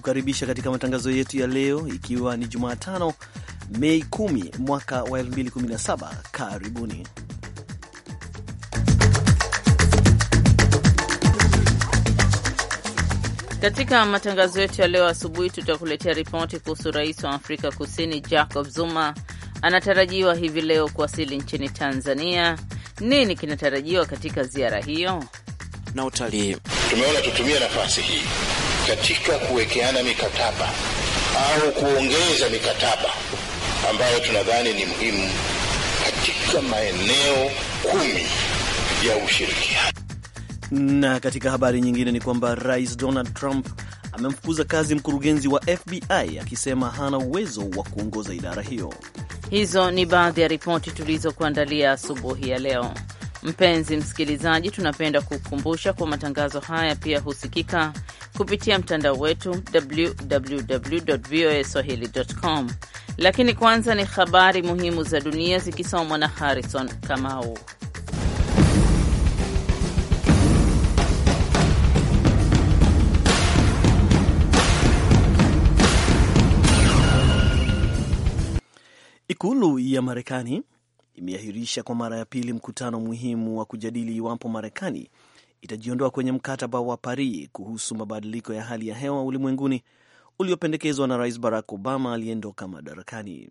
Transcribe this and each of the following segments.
kukaribisha katika matangazo yetu ya leo, ikiwa ni Jumatano Mei 10 mwaka wa 2017. Karibuni katika matangazo yetu ya leo asubuhi. Tutakuletea ripoti kuhusu rais wa Afrika Kusini Jacob Zuma anatarajiwa hivi leo kuwasili nchini Tanzania. Nini kinatarajiwa katika ziara hiyo na utalii? Tumeona tutumie nafasi hii katika kuwekeana mikataba au kuongeza mikataba ambayo tunadhani ni muhimu katika maeneo kumi ya ushirikiano. Na katika habari nyingine ni kwamba Rais Donald Trump amemfukuza kazi mkurugenzi wa FBI akisema hana uwezo wa kuongoza idara hiyo. Hizo ni baadhi ya ripoti tulizokuandalia asubuhi ya leo. Mpenzi msikilizaji, tunapenda kukumbusha kuwa matangazo haya pia husikika kupitia mtandao wetu www voa swahili com. Lakini kwanza ni habari muhimu za dunia zikisomwa na Harrison Kamau. Ikulu ya Marekani imeahirisha kwa mara ya pili mkutano muhimu wa kujadili iwapo Marekani itajiondoa kwenye mkataba wa Paris kuhusu mabadiliko ya hali ya hewa ulimwenguni uliopendekezwa na Rais Barack Obama aliyeondoka madarakani.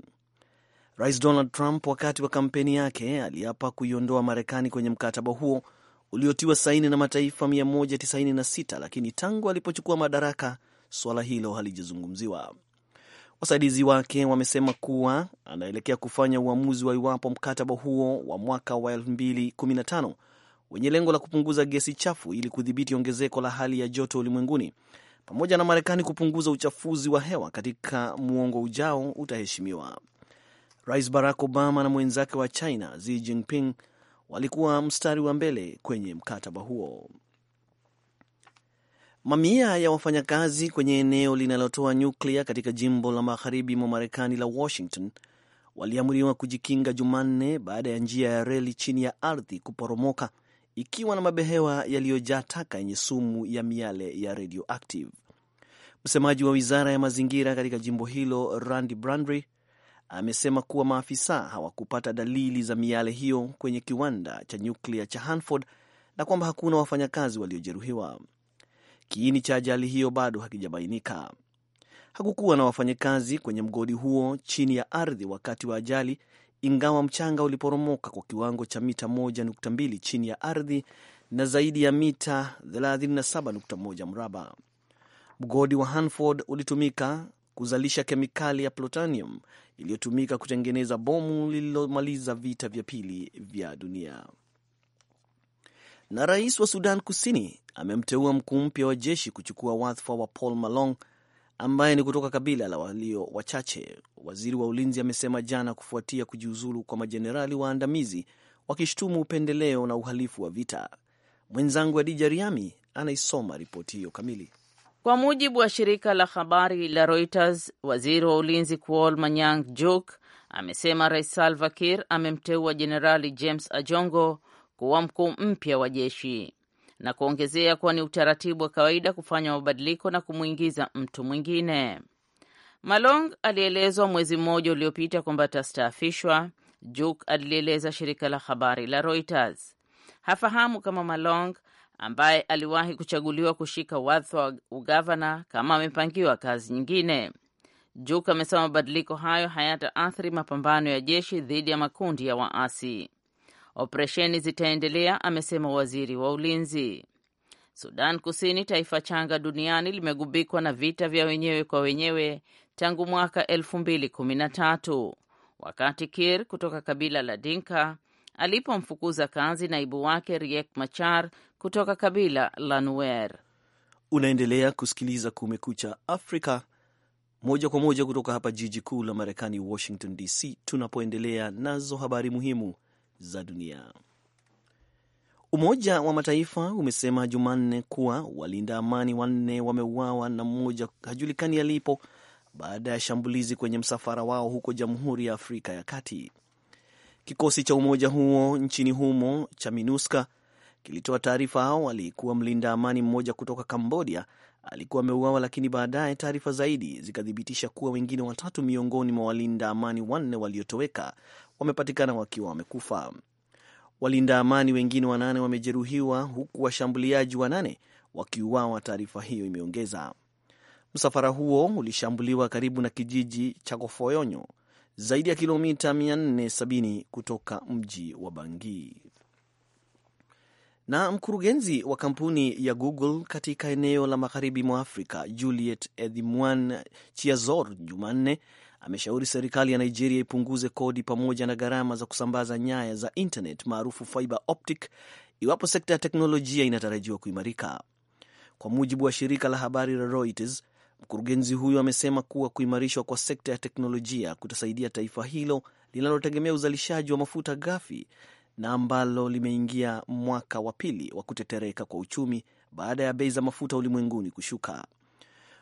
Rais Donald Trump wakati wa kampeni yake aliapa kuiondoa Marekani kwenye mkataba huo uliotiwa saini na mataifa 196 lakini tangu alipochukua madaraka suala hilo halijazungumziwa. Wasaidizi wake wamesema kuwa anaelekea kufanya uamuzi wa iwapo mkataba huo wa mwaka wa 2015 wenye lengo la kupunguza gesi chafu ili kudhibiti ongezeko la hali ya joto ulimwenguni pamoja na Marekani kupunguza uchafuzi wa hewa katika muongo ujao utaheshimiwa. Rais Barack Obama na mwenzake wa China Xi Jinping walikuwa mstari wa mbele kwenye mkataba huo. Mamia ya wafanyakazi kwenye eneo linalotoa nyuklia katika jimbo la magharibi mwa Marekani la Washington waliamriwa kujikinga Jumanne baada ya njia ya reli chini ya ardhi kuporomoka ikiwa na mabehewa yaliyojaa taka yenye sumu ya miale ya radioactive. Msemaji wa wizara ya mazingira katika jimbo hilo Randy Brandry amesema kuwa maafisa hawakupata dalili za miale hiyo kwenye kiwanda cha nyuklia cha Hanford na kwamba hakuna wafanyakazi waliojeruhiwa. Kiini cha ajali hiyo bado hakijabainika. Hakukuwa na wafanyakazi kwenye mgodi huo chini ya ardhi wakati wa ajali, ingawa mchanga uliporomoka kwa kiwango cha mita 1.2 chini ya ardhi na zaidi ya mita 37.1 mraba. Mgodi wa Hanford ulitumika kuzalisha kemikali ya plutonium iliyotumika kutengeneza bomu lililomaliza vita vya pili vya dunia. Na rais wa Sudan Kusini amemteua mkuu mpya wa jeshi kuchukua wadhifa wa Paul Malong ambaye ni kutoka kabila la walio wachache, waziri wa ulinzi amesema jana, kufuatia kujiuzulu kwa majenerali waandamizi wakishutumu upendeleo na uhalifu wa vita. Mwenzangu Adija Riami anaisoma ripoti hiyo kamili. Kwa mujibu wa shirika la habari la Reuters, waziri wa ulinzi Kuol Manyang Juk amesema Rais Salva Kir amemteua Jenerali James Ajongo kuwa mkuu mpya wa jeshi na kuongezea kuwa ni utaratibu wa kawaida kufanya mabadiliko na kumwingiza mtu mwingine. Malong alielezwa mwezi mmoja uliopita kwamba atastaafishwa. Juk alilieleza shirika la habari la Reuters. Hafahamu kama Malong ambaye aliwahi kuchaguliwa kushika wadhifa wa ugavana kama amepangiwa kazi nyingine. Juk amesema mabadiliko hayo hayataathiri mapambano ya jeshi dhidi ya makundi ya waasi. Operesheni zitaendelea, amesema waziri wa ulinzi. Sudan Kusini, taifa changa duniani, limegubikwa na vita vya wenyewe kwa wenyewe tangu mwaka 2013 wakati Kir kutoka kabila la Dinka alipomfukuza kazi naibu wake Riek Machar kutoka kabila la Nuer. Unaendelea kusikiliza Kumekucha Afrika moja kwa moja kutoka hapa jiji kuu la Marekani, Washington DC, tunapoendelea nazo habari muhimu za dunia. Umoja wa Mataifa umesema Jumanne kuwa walinda amani wanne wameuawa na mmoja hajulikani alipo baada ya shambulizi kwenye msafara wao huko Jamhuri ya Afrika ya Kati. Kikosi cha umoja huo nchini humo cha MINUSCA kilitoa taarifa awali kuwa mlinda amani mmoja kutoka Kambodia alikuwa ameuawa, lakini baadaye taarifa zaidi zikathibitisha kuwa wengine watatu miongoni mwa walinda amani wanne waliotoweka wamepatikana wakiwa wamekufa. Walinda amani wengine wanane wamejeruhiwa huku washambuliaji wanane wakiuawa, taarifa hiyo imeongeza. Msafara huo ulishambuliwa karibu na kijiji cha Kofoyonyo, zaidi ya kilomita 470 kutoka mji wa bangi Na mkurugenzi wa kampuni ya Google katika eneo la magharibi mwa Afrika, Juliet Edhimwan Chiazor, Jumanne ameshauri serikali ya Nigeria ipunguze kodi pamoja na gharama za kusambaza nyaya za internet maarufu fiber optic iwapo sekta ya teknolojia inatarajiwa kuimarika. Kwa mujibu wa shirika la habari la Reuters, mkurugenzi huyo amesema kuwa kuimarishwa kwa sekta ya teknolojia kutasaidia taifa hilo linalotegemea uzalishaji wa mafuta ghafi na ambalo limeingia mwaka wa pili wa kutetereka kwa uchumi baada ya bei za mafuta ulimwenguni kushuka.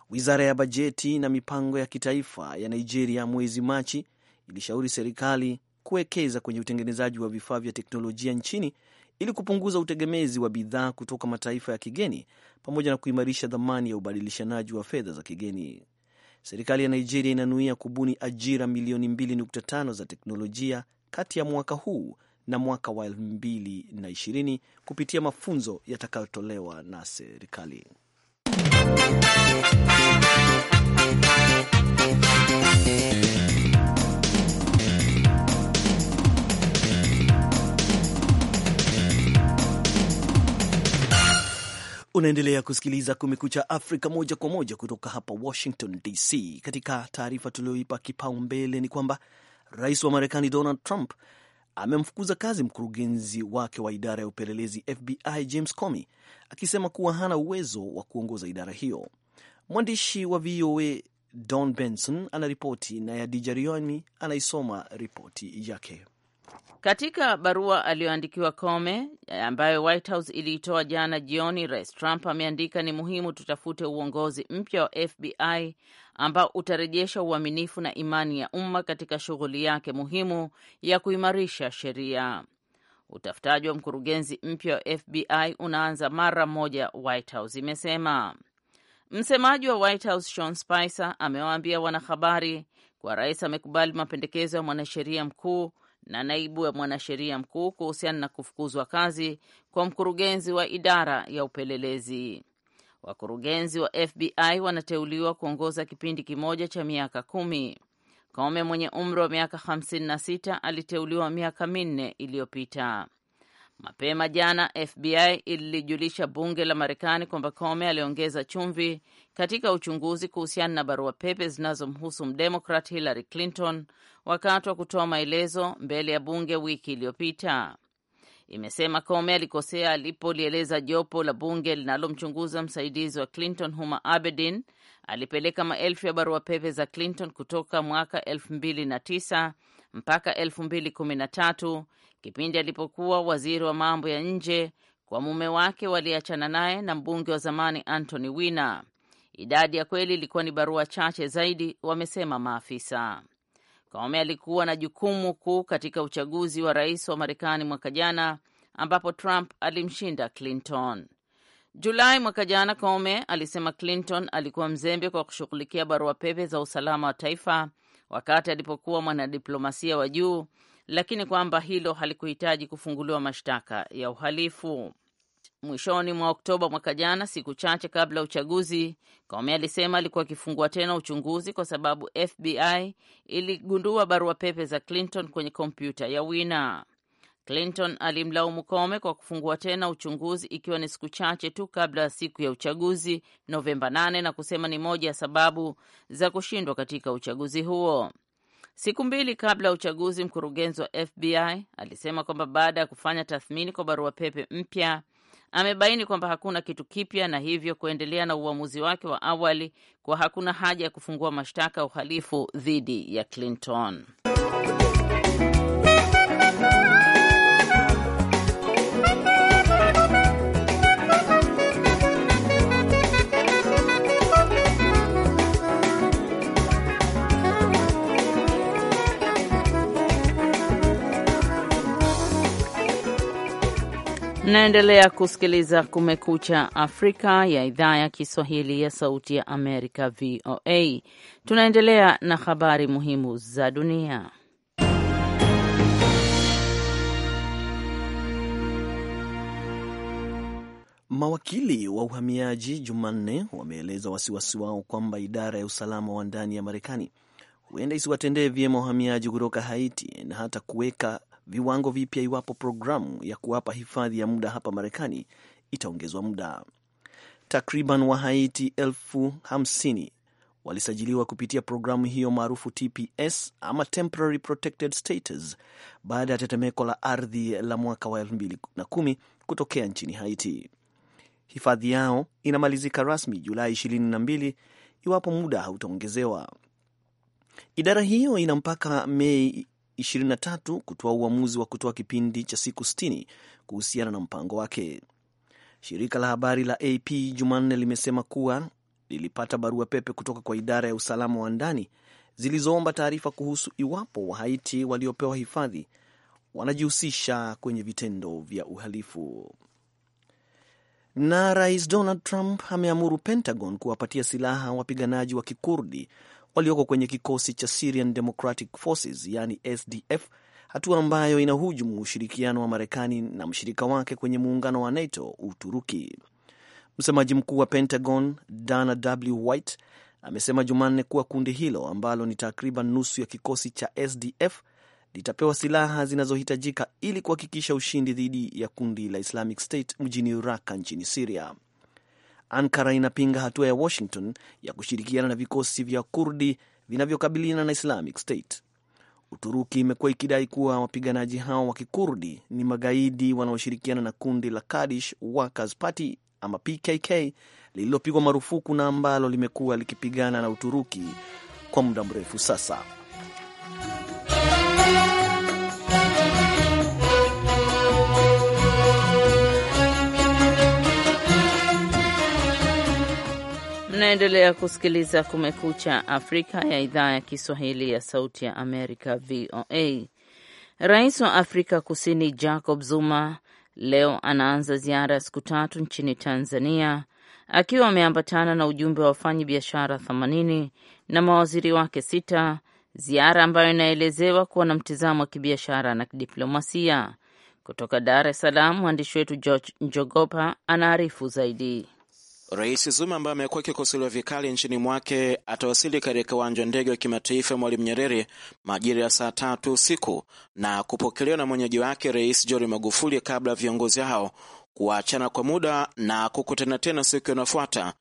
Wizara ya Bajeti na Mipango ya Kitaifa ya Nigeria mwezi Machi ilishauri serikali kuwekeza kwenye utengenezaji wa vifaa vya teknolojia nchini ili kupunguza utegemezi wa bidhaa kutoka mataifa ya kigeni pamoja na kuimarisha dhamani ya ubadilishanaji wa fedha za kigeni. Serikali ya Nigeria inanuia kubuni ajira milioni 2.5 za teknolojia kati ya mwaka huu na mwaka wa 2020 kupitia mafunzo yatakayotolewa na serikali. Unaendelea kusikiliza Kumekucha Afrika moja kwa moja kutoka hapa Washington DC. Katika taarifa tulioipa kipaumbele ni kwamba rais wa Marekani Donald Trump amemfukuza kazi mkurugenzi wake wa idara ya upelelezi FBI James Comey akisema kuwa hana uwezo wa kuongoza idara hiyo. Mwandishi wa VOA Don Benson anaripoti na Yadija Rioni anaisoma ripoti yake. Katika barua aliyoandikiwa come ambayo White House iliitoa jana jioni, Rais Trump ameandika ni muhimu tutafute uongozi mpya wa FBI ambao utarejesha uaminifu na imani ya umma katika shughuli yake muhimu ya kuimarisha sheria. Utafutaji wa mkurugenzi mpya wa FBI unaanza mara moja, White House imesema. Msemaji wa White House Sean Spicer amewaambia wanahabari kuwa rais amekubali mapendekezo ya mwanasheria mkuu na naibu ya mwanasheria mkuu kuhusiana na kufukuzwa kazi kwa mkurugenzi wa idara ya upelelezi. Wakurugenzi wa FBI wanateuliwa kuongoza kipindi kimoja cha miaka kumi. Kome mwenye umri wa miaka 56 aliteuliwa miaka minne iliyopita. Mapema jana FBI ililijulisha bunge la Marekani kwamba Comey aliongeza chumvi katika uchunguzi kuhusiana na barua pepe zinazomhusu mdemokrat Hillary Clinton wakati wa kutoa maelezo mbele ya bunge wiki iliyopita imesema Comey alikosea alipolieleza jopo la bunge linalomchunguza msaidizi wa Clinton Huma Abedin alipeleka maelfu ya barua pepe za Clinton kutoka mwaka 2009 mpaka 2013 kipindi alipokuwa waziri wa mambo ya nje kwa mume wake waliachana naye na mbunge wa zamani Anthony Weiner. Idadi ya kweli ilikuwa ni barua chache zaidi, wamesema maafisa. Comey alikuwa na jukumu kuu katika uchaguzi wa rais wa Marekani mwaka jana ambapo Trump alimshinda Clinton. Julai mwaka jana, Comey alisema Clinton alikuwa mzembe kwa kushughulikia barua pepe za usalama wa taifa wakati alipokuwa mwanadiplomasia wa juu, lakini kwamba hilo halikuhitaji kufunguliwa mashtaka ya uhalifu. Mwishoni mwa Oktoba mwaka jana, siku chache kabla ya uchaguzi, Comey alisema alikuwa akifungua tena uchunguzi kwa sababu FBI iligundua barua pepe za Clinton kwenye kompyuta ya Wina. Clinton alimlaumu Comey kwa kufungua tena uchunguzi ikiwa ni siku chache tu kabla ya siku ya uchaguzi Novemba 8 na kusema ni moja ya sababu za kushindwa katika uchaguzi huo. Siku mbili kabla ya uchaguzi, mkurugenzi wa FBI alisema kwamba baada ya kufanya tathmini kwa barua pepe mpya amebaini kwamba hakuna kitu kipya na hivyo kuendelea na uamuzi wake wa awali kuwa hakuna haja ya kufungua mashtaka ya uhalifu dhidi ya Clinton. Mnaendelea kusikiliza Kumekucha Afrika ya idhaa ya Kiswahili ya Sauti ya Amerika, VOA. Tunaendelea na habari muhimu za dunia. Mawakili wa uhamiaji Jumanne wameeleza wasiwasi wao kwamba idara ya usalama wa ndani ya Marekani huenda isiwatendee vyema wahamiaji kutoka Haiti na hata kuweka viwango vipya iwapo programu ya kuwapa hifadhi ya muda hapa Marekani itaongezwa muda. Takriban Wahaiti elfu hamsini walisajiliwa kupitia programu hiyo maarufu TPS ama Temporary Protected Status baada ya tetemeko la ardhi la mwaka wa 2010 kutokea nchini Haiti. Hifadhi yao inamalizika rasmi Julai 22 iwapo muda hautaongezewa. Idara hiyo ina mpaka Mei 23 kutoa uamuzi wa kutoa kipindi cha siku 60 kuhusiana na mpango wake. Shirika la habari la AP Jumanne limesema kuwa lilipata barua pepe kutoka kwa idara ya usalama wa ndani zilizoomba taarifa kuhusu iwapo Wahaiti waliopewa hifadhi wanajihusisha kwenye vitendo vya uhalifu. Na Rais Donald Trump ameamuru Pentagon kuwapatia silaha wapiganaji wa Kikurdi walioko kwenye kikosi cha Syrian Democratic Forces yani SDF, hatua ambayo inahujumu ushirikiano wa Marekani na mshirika wake kwenye muungano wa NATO, Uturuki. Msemaji mkuu wa Pentagon Dana W. White amesema Jumanne kuwa kundi hilo ambalo ni takriban nusu ya kikosi cha SDF litapewa silaha zinazohitajika ili kuhakikisha ushindi dhidi ya kundi la Islamic State mjini Raqqa nchini Siria. Ankara inapinga hatua ya Washington ya kushirikiana na vikosi vya Kurdi vinavyokabiliana na Islamic State. Uturuki imekuwa ikidai kuwa wapiganaji hao wa kikurdi ni magaidi wanaoshirikiana na kundi la Kurdish Workers Party ama PKK lililopigwa marufuku na ambalo limekuwa likipigana na Uturuki kwa muda mrefu sasa. Mnaendelea kusikiliza Kumekucha Afrika ya idhaa ya Kiswahili ya Sauti ya Amerika, VOA. Rais wa Afrika Kusini Jacob Zuma leo anaanza ziara ya siku tatu nchini Tanzania akiwa ameambatana na ujumbe wa wafanyi biashara 80 na mawaziri wake sita, ziara ambayo inaelezewa kuwa na mtizamo wa kibiashara na kidiplomasia. Kutoka Dar es Salaam, mwandishi wetu George Njogopa anaarifu zaidi. Rais Zuma ambaye amekuwa akikosolewa vikali nchini mwake atawasili katika uwanja wa ndege wa kimataifa Mwalimu Nyerere majira ya saa tatu usiku na kupokelewa na mwenyeji wake Rais John Magufuli kabla ya viongozi hao kuachana kwa muda na kukutana tena siku inayofuata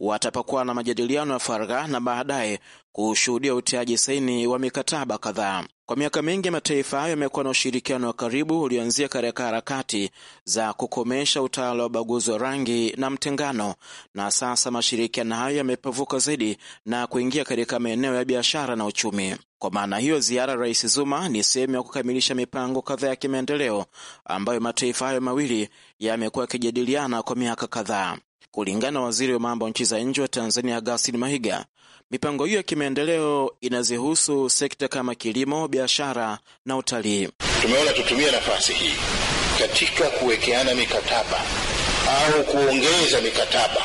watapakuwa na majadiliano ya faragha na baadaye kushuhudia utiaji saini wa mikataba kadhaa. Kwa miaka mingi mataifa hayo yamekuwa na ushirikiano wa karibu ulioanzia katika harakati za kukomesha utawala wa ubaguzi wa rangi na mtengano, na sasa mashirikiano hayo yamepavuka zaidi na kuingia katika maeneo ya biashara na uchumi. Kwa maana hiyo, ziara Rais Zuma ni sehemu ya kukamilisha mipango kadhaa ya kimaendeleo ambayo mataifa hayo mawili yamekuwa yakijadiliana kwa miaka kadhaa. Kulingana na waziri wa mambo nchi za nje wa Tanzania Augustine Mahiga, mipango hiyo ya kimaendeleo inazihusu sekta kama kilimo, biashara na utalii. Tumeona tutumie nafasi hii katika kuwekeana mikataba au kuongeza mikataba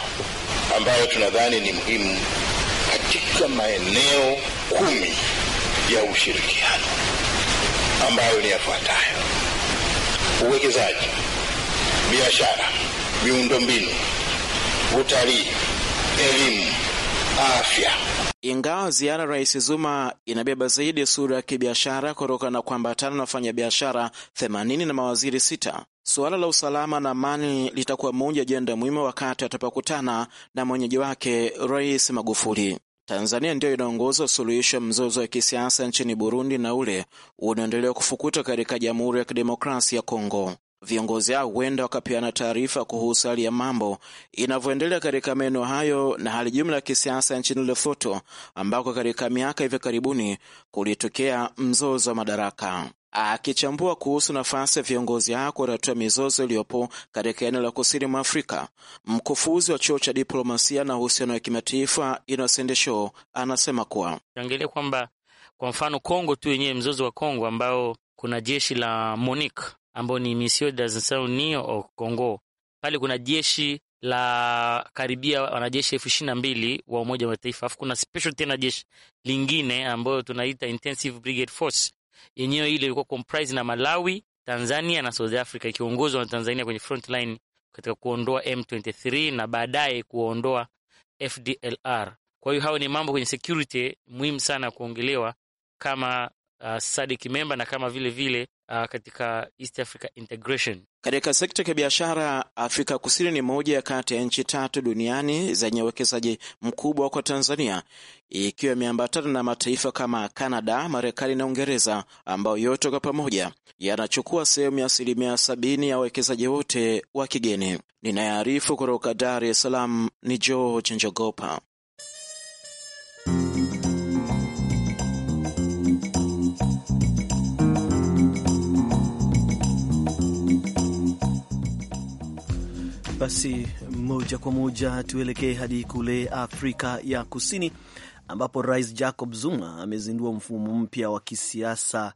ambayo tunadhani ni muhimu katika maeneo kumi ya ushirikiano ambayo ni yafuatayo: uwekezaji, biashara, miundombinu utalii, elimu, afya. Ingawa ziara Rais Zuma inabeba zaidi sura ya kibiashara kutokana na kuambatana na wafanyabiashara 80 na mawaziri sita, suala la usalama na amani litakuwa moja ajenda muhimu wakati atapokutana na mwenyeji wake Rais Magufuli. Tanzania ndiyo inaongoza suluhisho mzozo wa kisiasa nchini Burundi na ule unaendelea kufukuta katika Jamhuri ya Kidemokrasia ya Kongo viongozi hao huenda wakapeana taarifa kuhusu hali ya mambo inavyoendelea katika maeneo hayo na hali jumla ya kisiasa nchini Lesotho, ambako katika miaka hivi karibuni kulitokea mzozo wa madaraka. Akichambua kuhusu nafasi ya viongozi hao kutatua mizozo iliyopo katika eneo la kusini mwa Afrika, mkufuzi wa chuo cha diplomasia na uhusiano wa kimataifa Innocent Show anasema kuwa tuangalie kwamba kwa mfano Kongo tu yenyewe, mzozo wa Kongo ambao kuna jeshi la MONUC ambayo ni Misio Dasanio o Congo. Pale kuna jeshi la karibia wanajeshi elfu ishirini na mbili wa Umoja wa Mataifa, alafu kuna special tena jeshi lingine ambayo tunaita Intensive Brigade Force. Yenyewe ile ilikuwa comprise na Malawi, Tanzania na South Africa, ikiongozwa na Tanzania kwenye front line katika kuondoa M23 na baadaye kuondoa FDLR. Kwa hiyo hayo ni mambo kwenye security muhimu sana kuongelewa kama uh, SADC member na kama vile vile uh, katika East Africa Integration. Katika sekta ya kibiashara Afrika Kusini ni moja kati ya nchi tatu duniani zenye uwekezaji mkubwa kwa Tanzania, ikiwa imeambatana na mataifa kama canada Marekani na Uingereza, ambayo yote kwa pamoja yanachukua sehemu ya asilimia sabini ya wawekezaji wote wa kigeni. Ninayearifu kutoka Dar es Salaam ni George Njogopa. Basi moja kwa moja tuelekee hadi kule Afrika ya Kusini, ambapo Rais Jacob Zuma amezindua mfumo mpya wa kisiasa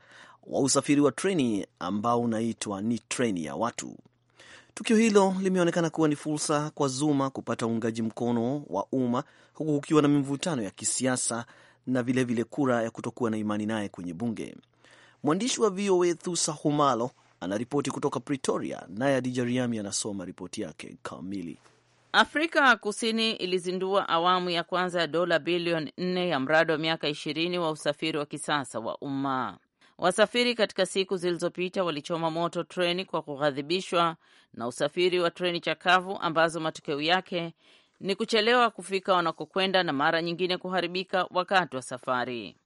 wa usafiri wa treni ambao unaitwa ni treni ya watu. Tukio hilo limeonekana kuwa ni fursa kwa Zuma kupata uungaji mkono wa umma huku kukiwa na mivutano ya kisiasa na vilevile vile kura ya kutokuwa na imani naye kwenye bunge. Mwandishi wa VOA Thusa Humalo anaripoti kutoka Pretoria, naye Adija Riami anasoma ripoti yake kamili. Afrika Kusini ilizindua awamu ya kwanza ya dola bilioni nne ya mradi wa miaka ishirini wa usafiri wa kisasa wa umma. Wasafiri katika siku zilizopita walichoma moto treni kwa kughadhibishwa na usafiri wa treni chakavu ambazo matokeo yake ni kuchelewa kufika wanakokwenda na mara nyingine kuharibika wakati wa safari.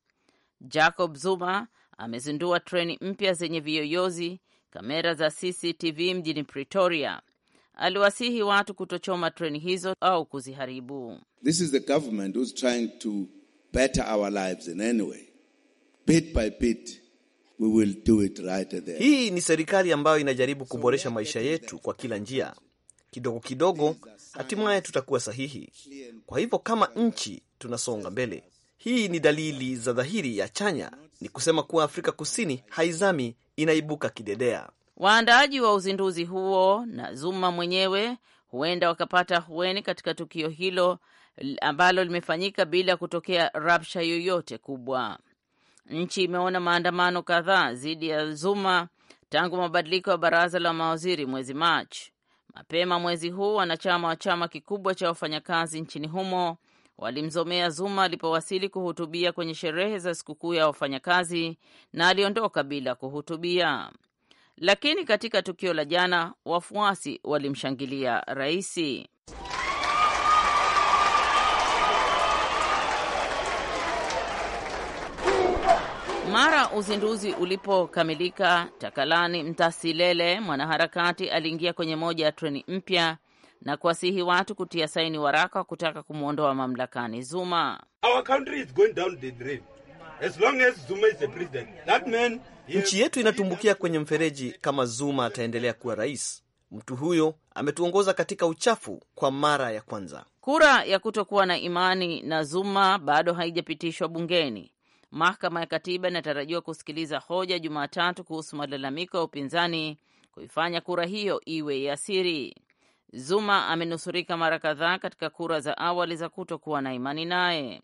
Jacob Zuma amezindua treni mpya zenye viyoyozi kamera za CCTV mjini Pretoria. Aliwasihi watu kutochoma treni hizo au kuziharibu. This is the government who's trying to better our lives in any way. Bit by bit, we will do it right there. Hii ni serikali ambayo inajaribu kuboresha maisha yetu kwa kila njia, kidogo kidogo, hatimaye tutakuwa sahihi. Kwa hivyo kama nchi tunasonga mbele. Hii ni dalili za dhahiri ya chanya, ni kusema kuwa Afrika Kusini haizami inaibuka kidedea. Waandaaji wa uzinduzi huo na Zuma mwenyewe huenda wakapata hueni katika tukio hilo ambalo limefanyika bila kutokea rabsha yoyote kubwa. Nchi imeona maandamano kadhaa dhidi ya Zuma tangu mabadiliko ya baraza la mawaziri mwezi Machi. Mapema mwezi huu, wanachama wa chama kikubwa cha wafanyakazi nchini humo walimzomea Zuma alipowasili kuhutubia kwenye sherehe za sikukuu ya wafanyakazi na aliondoka bila kuhutubia. Lakini katika tukio la jana, wafuasi walimshangilia raisi. Mara uzinduzi ulipokamilika, Takalani Mtasilele, mwanaharakati, aliingia kwenye moja ya treni mpya na kuwasihi watu kutia saini waraka wa kutaka kumwondoa mamlakani Zuma. nchi yetu inatumbukia kwenye mfereji kama Zuma ataendelea kuwa rais. Mtu huyo ametuongoza katika uchafu kwa mara ya kwanza. Kura ya kutokuwa na imani na Zuma bado haijapitishwa bungeni. Mahakama ya Katiba inatarajiwa kusikiliza hoja Jumatatu kuhusu malalamiko ya upinzani kuifanya kura hiyo iwe ya siri. Zuma amenusurika mara kadhaa katika kura za awali za kutokuwa na imani naye.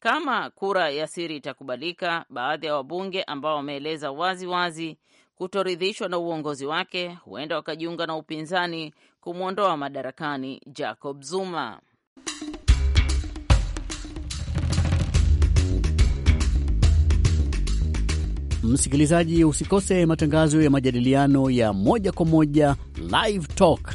Kama kura ya siri itakubalika, baadhi ya wabunge ambao wameeleza wazi wazi kutoridhishwa na uongozi wake huenda wakajiunga na upinzani kumwondoa madarakani Jacob Zuma. Msikilizaji, usikose matangazo ya majadiliano ya moja kwa moja Live Talk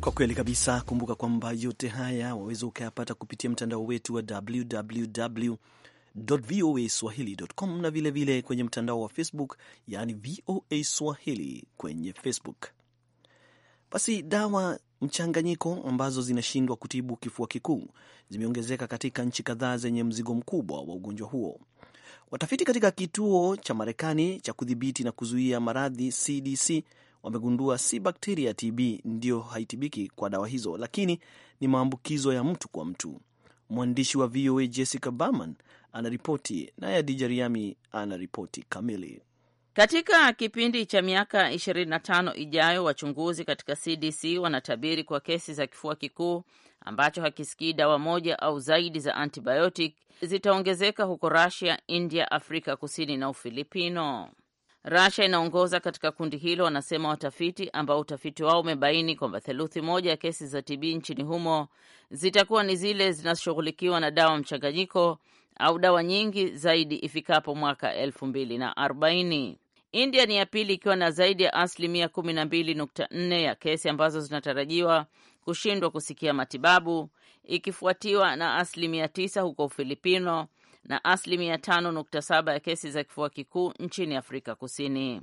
Kwa kweli kabisa, kumbuka kwamba yote haya waweza ukayapata kupitia mtandao wetu wa www voa swahili.com na vilevile vile kwenye mtandao wa Facebook, yaani VOA Swahili kwenye Facebook. Basi dawa mchanganyiko ambazo zinashindwa kutibu kifua kikuu zimeongezeka katika nchi kadhaa zenye mzigo mkubwa wa ugonjwa huo. Watafiti katika kituo cha Marekani cha kudhibiti na kuzuia maradhi CDC wamegundua si bakteria ya TB ndiyo haitibiki kwa dawa hizo, lakini ni maambukizo ya mtu kwa mtu. Mwandishi wa VOA Jessica Berman anaripoti, naye Adija Riami anaripoti kamili. Katika kipindi cha miaka 25 ijayo, wachunguzi katika CDC wanatabiri kwa kesi za kifua kikuu ambacho hakisikii dawa moja au zaidi za antibiotic zitaongezeka huko Russia, India, Afrika Kusini na Ufilipino rasia inaongoza katika kundi hilo, wanasema watafiti, ambao utafiti wao umebaini kwamba theluthi moja ya kesi za TB nchini humo zitakuwa ni zile zinashughulikiwa na dawa mchanganyiko au dawa nyingi zaidi ifikapo mwaka elfu mbili na arobaini. India ni ya pili ikiwa na zaidi ya asilimia kumi na mbili nukta nne ya kesi ambazo zinatarajiwa kushindwa kusikia matibabu ikifuatiwa na asilimia tisa huko Ufilipino na asilimia 5.7 ya kesi za kifua kikuu nchini Afrika Kusini.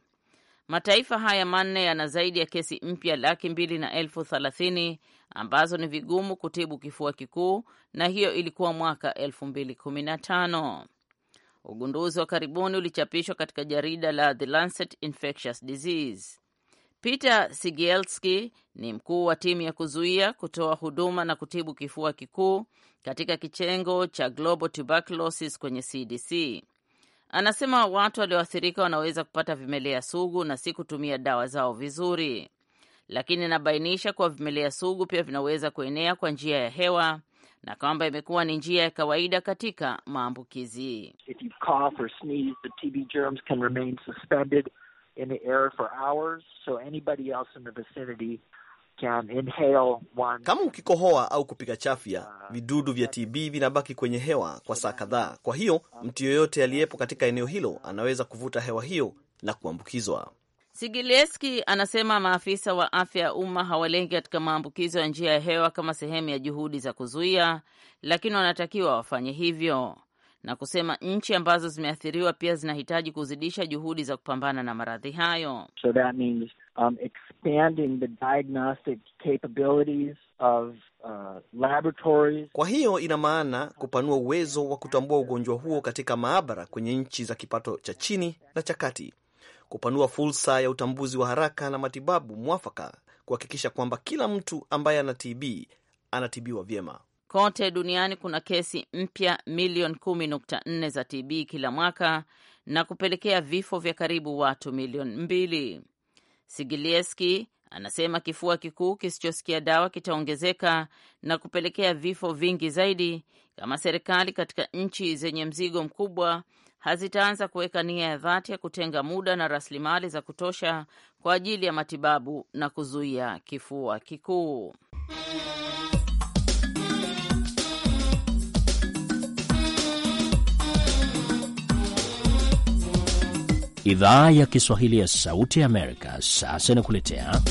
Mataifa haya manne yana zaidi ya kesi mpya laki mbili na elfu thelathini ambazo ni vigumu kutibu kifua kikuu, na hiyo ilikuwa mwaka 2015. Ugunduzi wa karibuni ulichapishwa katika jarida la The Lancet Infectious Disease. Peter Sigielski ni mkuu wa timu ya kuzuia, kutoa huduma na kutibu kifua kikuu katika kitengo cha Global Tuberculosis kwenye CDC. Anasema watu walioathirika wanaweza kupata vimelea sugu na si kutumia dawa zao vizuri, lakini anabainisha kuwa vimelea sugu pia vinaweza kuenea kwa njia ya hewa na kwamba imekuwa ni njia ya kawaida katika maambukizi can inhale one. Kama ukikohoa au kupiga chafya, uh, vidudu vya TB vinabaki kwenye hewa kwa saa kadhaa. Kwa hiyo uh, mtu yoyote aliyepo katika eneo hilo anaweza kuvuta hewa hiyo na kuambukizwa. Sigileski anasema maafisa wa afya ya umma hawalengi katika maambukizo ya njia ya hewa kama sehemu ya juhudi za kuzuia, lakini wanatakiwa wafanye hivyo, na kusema nchi ambazo zimeathiriwa pia zinahitaji kuzidisha juhudi za kupambana na maradhi hayo. So that means um, expanding the diagnostic capabilities of uh, laboratories. Kwa hiyo ina maana kupanua uwezo wa kutambua ugonjwa huo katika maabara kwenye nchi za kipato cha chini na cha kati, kupanua fursa ya utambuzi wa haraka na matibabu mwafaka, kuhakikisha kwamba kila mtu ambaye ana TB anatibiwa vyema. Kote duniani kuna kesi mpya milioni 10.4 za TB kila mwaka na kupelekea vifo vya karibu watu milioni mbili. Sigilieski anasema kifua kikuu kisichosikia dawa kitaongezeka na kupelekea vifo vingi zaidi kama serikali katika nchi zenye mzigo mkubwa hazitaanza kuweka nia ya dhati ya kutenga muda na rasilimali za kutosha kwa ajili ya matibabu na kuzuia kifua kikuu. Idhaa ya Kiswahili ya Sauti ya Amerika sasa inakuletea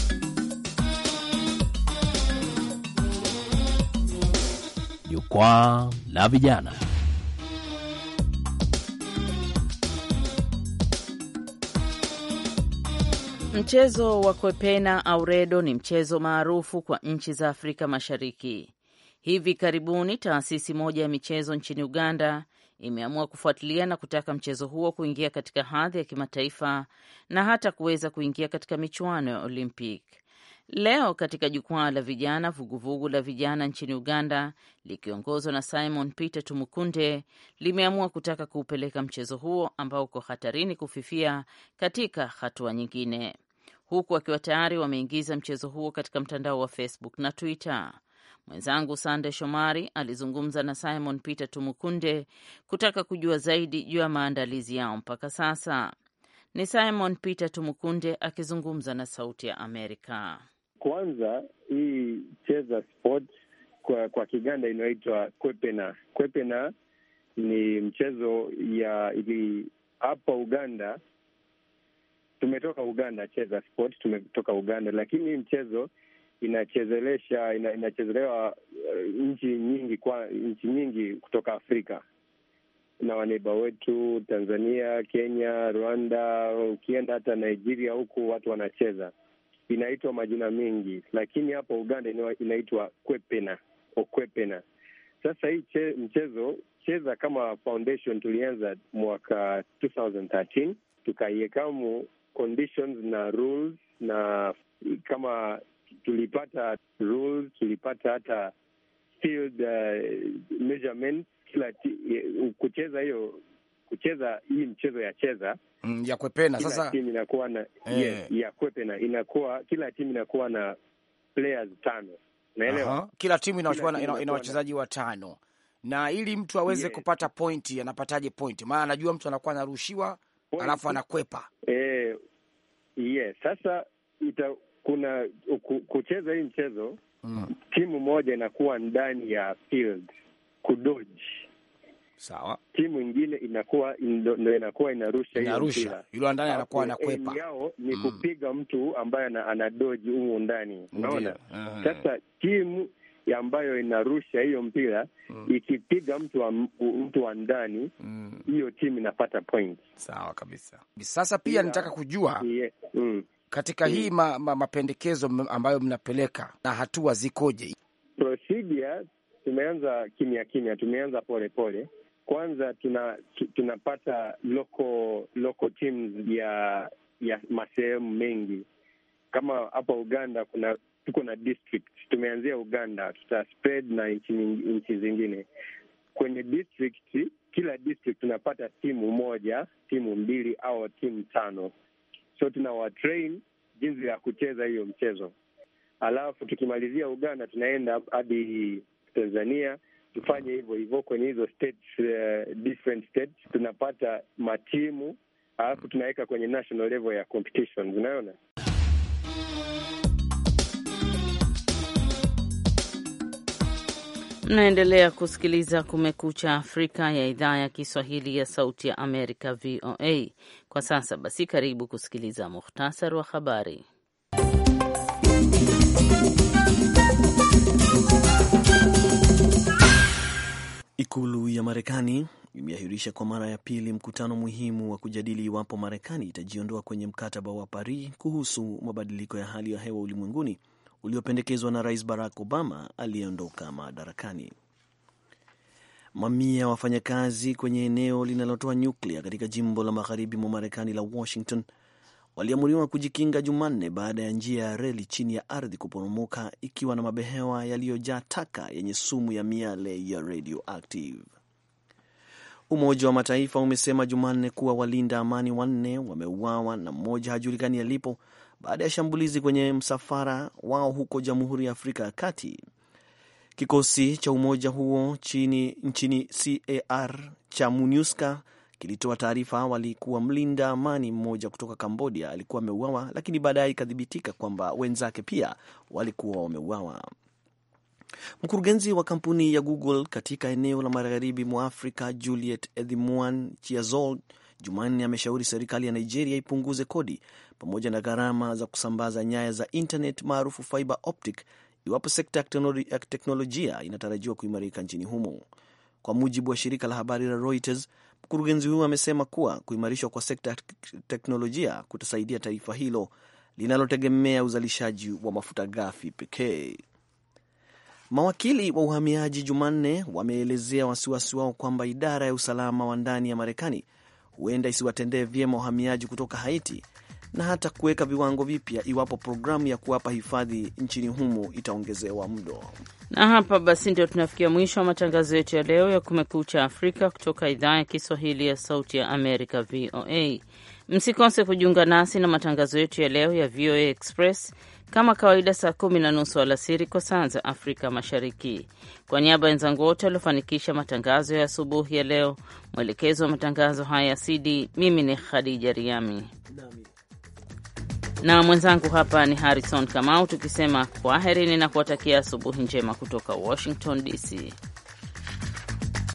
Jukwaa la Vijana. Mchezo wa kwepena auredo ni mchezo maarufu kwa nchi za Afrika Mashariki. Hivi karibuni taasisi moja ya michezo nchini Uganda imeamua kufuatilia na kutaka mchezo huo kuingia katika hadhi ya kimataifa na hata kuweza kuingia katika michuano ya Olympic. Leo katika jukwaa la vijana, vuguvugu la vijana nchini Uganda likiongozwa na Simon Peter Tumukunde limeamua kutaka kuupeleka mchezo huo ambao uko hatarini kufifia katika hatua nyingine, huku wakiwa tayari wameingiza mchezo huo katika mtandao wa Facebook na Twitter. Mwenzangu Sande Shomari alizungumza na Simon Peter Tumukunde kutaka kujua zaidi juu ya maandalizi yao mpaka sasa. Ni Simon Peter Tumukunde akizungumza na Sauti ya Amerika. Kwanza hii cheza sport kwa, kwa Kiganda inaitwa kwepena. Kwepena ni mchezo ya ili hapa Uganda tumetoka Uganda, cheza sport tumetoka Uganda, lakini hii mchezo inachezelesha ina, inachezelewa uh, nchi nyingi kwa nchi nyingi kutoka Afrika na waneiba wetu Tanzania, Kenya, Rwanda, ukienda hata Nigeria huku watu wanacheza, inaitwa majina mengi, lakini hapa Uganda inaitwa kwepena okwepena. Sasa hii che, mchezo cheza kama foundation tulianza mwaka 2013 tukaiekamu conditions na rules na kama tulipata rules, tulipata hata field uh, measurement kila eh, kucheza hiyo kucheza hii mchezo ya cheza mm, ya kwepena. Sasa timu inakuwa na eh, yes, ya kwepena inakuwa kila timu inakuwa na players tano, naelewa. Kila timu ina wachezaji watano, na ili mtu aweze yes, kupata pointi, anapataje pointi? Maana anajua mtu anakuwa anarushiwa alafu anakwepa eh, yes. Sasa ita, kuna kucheza hii mchezo mm. Timu moja inakuwa ndani ya field kudoji, sawa. Timu ingine inakuwa ndo inakuwa inarusha inarusha, yule ndani anakuwa anakwepa. Yao ni mm. kupiga mtu ambaye anadoji humu ndani, unaona uh-huh. sasa mm. timu ambayo inarusha hiyo mpira mm. ikipiga mtu wa mtu wa ndani mm. hiyo mm. timu inapata point. Sawa kabisa. Sasa pia yeah. nitaka kujua yeah. mm katika mm. hii ma, ma, mapendekezo ambayo mnapeleka na hatua zikoje? Procedure tumeanza kimya kimya, tumeanza pole pole. Kwanza tuna, tunapata local, local teams ya ya masehemu mengi kama hapa Uganda kuna tuko na district, tumeanzia Uganda, tuta spread na nchi zingine. Kwenye district, kila district tunapata timu moja, timu mbili au timu tano so tuna tunawatrain jinsi ya kucheza hiyo mchezo. Alafu tukimalizia Uganda, tunaenda hadi Tanzania tufanye hivyo hivyo kwenye hizo states, uh, different states tunapata matimu alafu tunaweka kwenye national level ya unaona. Mnaendelea kusikiliza Kumekucha Afrika ya idhaa ya Kiswahili ya Sauti ya Amerika, VOA. Kwa sasa basi, karibu kusikiliza muhtasari wa habari. Ikulu ya Marekani imeahirisha kwa mara ya pili mkutano muhimu wa kujadili iwapo Marekani itajiondoa kwenye mkataba wa Paris kuhusu mabadiliko ya hali ya hewa ulimwenguni uliopendekezwa na Rais Barack Obama aliyeondoka madarakani. Mamia ya wafanyakazi kwenye eneo linalotoa nyuklia katika jimbo la magharibi mwa Marekani la Washington waliamuriwa kujikinga Jumanne baada ya njia ya reli chini ya ardhi kuporomoka ikiwa na mabehewa yaliyojaa taka yenye sumu ya miale ya radioactive. Umoja wa Mataifa umesema Jumanne kuwa walinda amani wanne wameuawa na mmoja hajulikani alipo baada ya shambulizi kwenye msafara wao huko Jamhuri ya Afrika ya Kati. Kikosi cha umoja huo chini, nchini CAR cha MONUSCO kilitoa taarifa awali kuwa mlinda amani mmoja kutoka Kambodia alikuwa ameuawa, lakini baadaye ikathibitika kwamba wenzake pia walikuwa wameuawa. Mkurugenzi wa kampuni ya Google katika eneo la magharibi mwa Afrika, Juliet Edhimuan Chiazol, Jumanne ameshauri serikali ya Nigeria ipunguze kodi pamoja na gharama za kusambaza nyaya za internet maarufu fiber optic iwapo sekta ya teknolojia inatarajiwa kuimarika nchini humo. Kwa mujibu wa shirika la habari la Reuters, mkurugenzi huyo amesema kuwa kuimarishwa kwa sekta ya teknolojia kutasaidia taifa hilo linalotegemea uzalishaji wa mafuta ghafi pekee. Mawakili wa uhamiaji Jumanne wameelezea wasiwasi wao kwamba idara ya usalama wa ndani ya Marekani huenda isiwatendee vyema wahamiaji kutoka Haiti na hata kuweka viwango vipya iwapo programu ya kuwapa hifadhi nchini humo itaongezewa mdo. Na hapa basi ndio tunafikia mwisho wa matangazo yetu ya leo ya Kumekucha Afrika kutoka idhaa ya Kiswahili ya Sauti ya Amerika, VOA. Msikose kujiunga nasi na matangazo yetu ya leo ya VOA Express kama kawaida, saa kumi na nusu alasiri kwa saa za Afrika Mashariki. Kwa niaba ya wenzangu wote waliofanikisha matangazo ya asubuhi ya leo, mwelekezo wa matangazo haya ya CD, mimi ni Khadija Riami na mwenzangu hapa ni Harrison Kamau, tukisema kwaherini na kuwatakia asubuhi njema kutoka Washington DC.